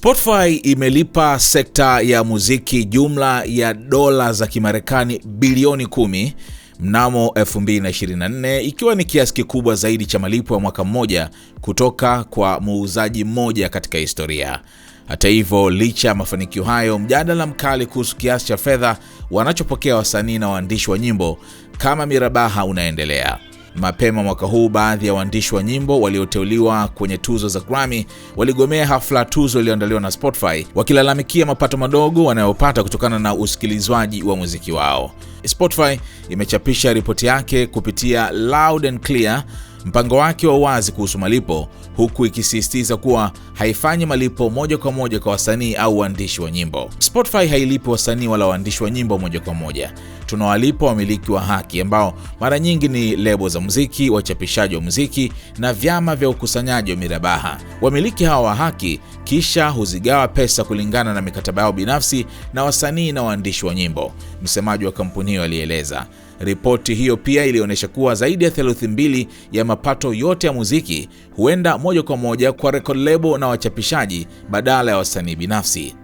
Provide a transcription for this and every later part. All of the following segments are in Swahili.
Spotify imelipa sekta ya muziki jumla ya dola za Kimarekani bilioni kumi mnamo 2024 ikiwa ni kiasi kikubwa zaidi cha malipo ya mwaka mmoja kutoka kwa muuzaji mmoja katika historia. Hata hivyo, licha ya mafanikio hayo, mjadala mkali kuhusu kiasi cha fedha wanachopokea wasanii na waandishi wa nyimbo kama mirabaha unaendelea. Mapema mwaka huu, baadhi ya waandishi wa nyimbo walioteuliwa kwenye tuzo za Grammy waligomea hafla tuzo iliyoandaliwa na Spotify, wakilalamikia mapato madogo wanayopata kutokana na usikilizwaji wa muziki wao. Spotify imechapisha ripoti yake kupitia Loud and Clear mpango wake wa wazi kuhusu malipo, huku ikisisitiza kuwa haifanyi malipo moja kwa moja kwa wasanii au waandishi wa nyimbo. Spotify hailipi wasanii wala waandishi wa nyimbo moja kwa moja. Tunawalipa wamiliki wa haki ambao mara nyingi ni lebo za muziki, wachapishaji wa muziki na vyama vya ukusanyaji wa mirabaha. Wamiliki hawa wa haki kisha huzigawa pesa kulingana na mikataba yao binafsi na wasanii na waandishi wa nyimbo, msemaji wa kampuni hiyo alieleza. Ripoti hiyo pia ilionyesha kuwa zaidi ya theluthi mbili ya mapato yote ya muziki huenda moja kwa moja kwa record label na wachapishaji badala ya wasanii binafsi.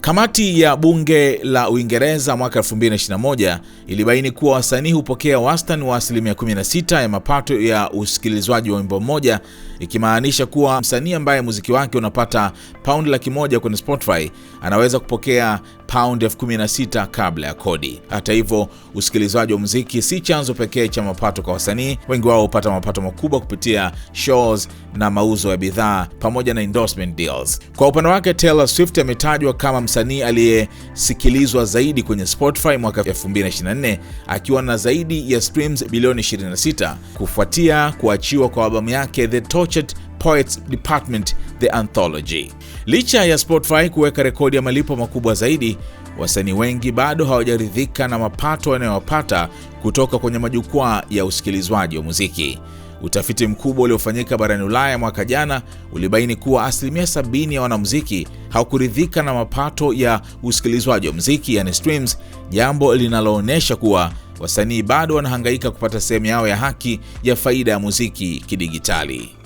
Kamati ya bunge la Uingereza mwaka 2021 ilibaini kuwa wasanii hupokea wastani wa asilimia 16 ya mapato ya usikilizwaji wa wimbo mmoja, ikimaanisha kuwa msanii ambaye muziki wake unapata paundi laki moja kwenye Spotify anaweza kupokea paundi elfu kumi na sita kabla ya kodi. Hata hivyo, usikilizaji wa muziki si chanzo pekee cha mapato kwa wasanii. Wengi wao hupata mapato makubwa kupitia shows na mauzo ya bidhaa pamoja na endorsement deals. Kwa upande wake, Taylor Swift ametajwa kama msanii aliyesikilizwa zaidi kwenye Spotify mwaka 2024 akiwa na zaidi ya streams bilioni 26 kufuatia kuachiwa kwa albamu yake The Tortured Poets Department The Anthology. Licha ya Spotify kuweka rekodi ya malipo makubwa zaidi, wasanii wengi bado hawajaridhika na mapato wanayopata kutoka kwenye majukwaa ya usikilizwaji wa muziki. Utafiti mkubwa uliofanyika barani Ulaya mwaka jana ulibaini kuwa asilimia sabini ya wanamuziki hawakuridhika na mapato ya usikilizwaji wa muziki, yani streams, jambo linaloonyesha kuwa wasanii bado wanahangaika kupata sehemu yao ya haki ya faida ya muziki kidigitali.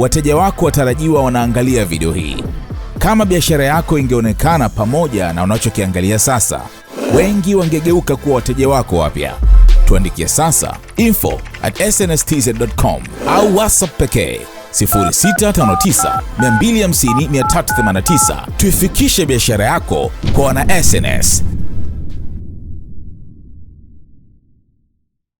Wateja wako watarajiwa wanaangalia video hii. Kama biashara yako ingeonekana pamoja na unachokiangalia sasa, wengi wangegeuka kuwa wateja wako wapya. Tuandikie sasa info at snstz.com au whatsapp pekee 0659 250 389. Tuifikishe biashara yako kwa wana SNS.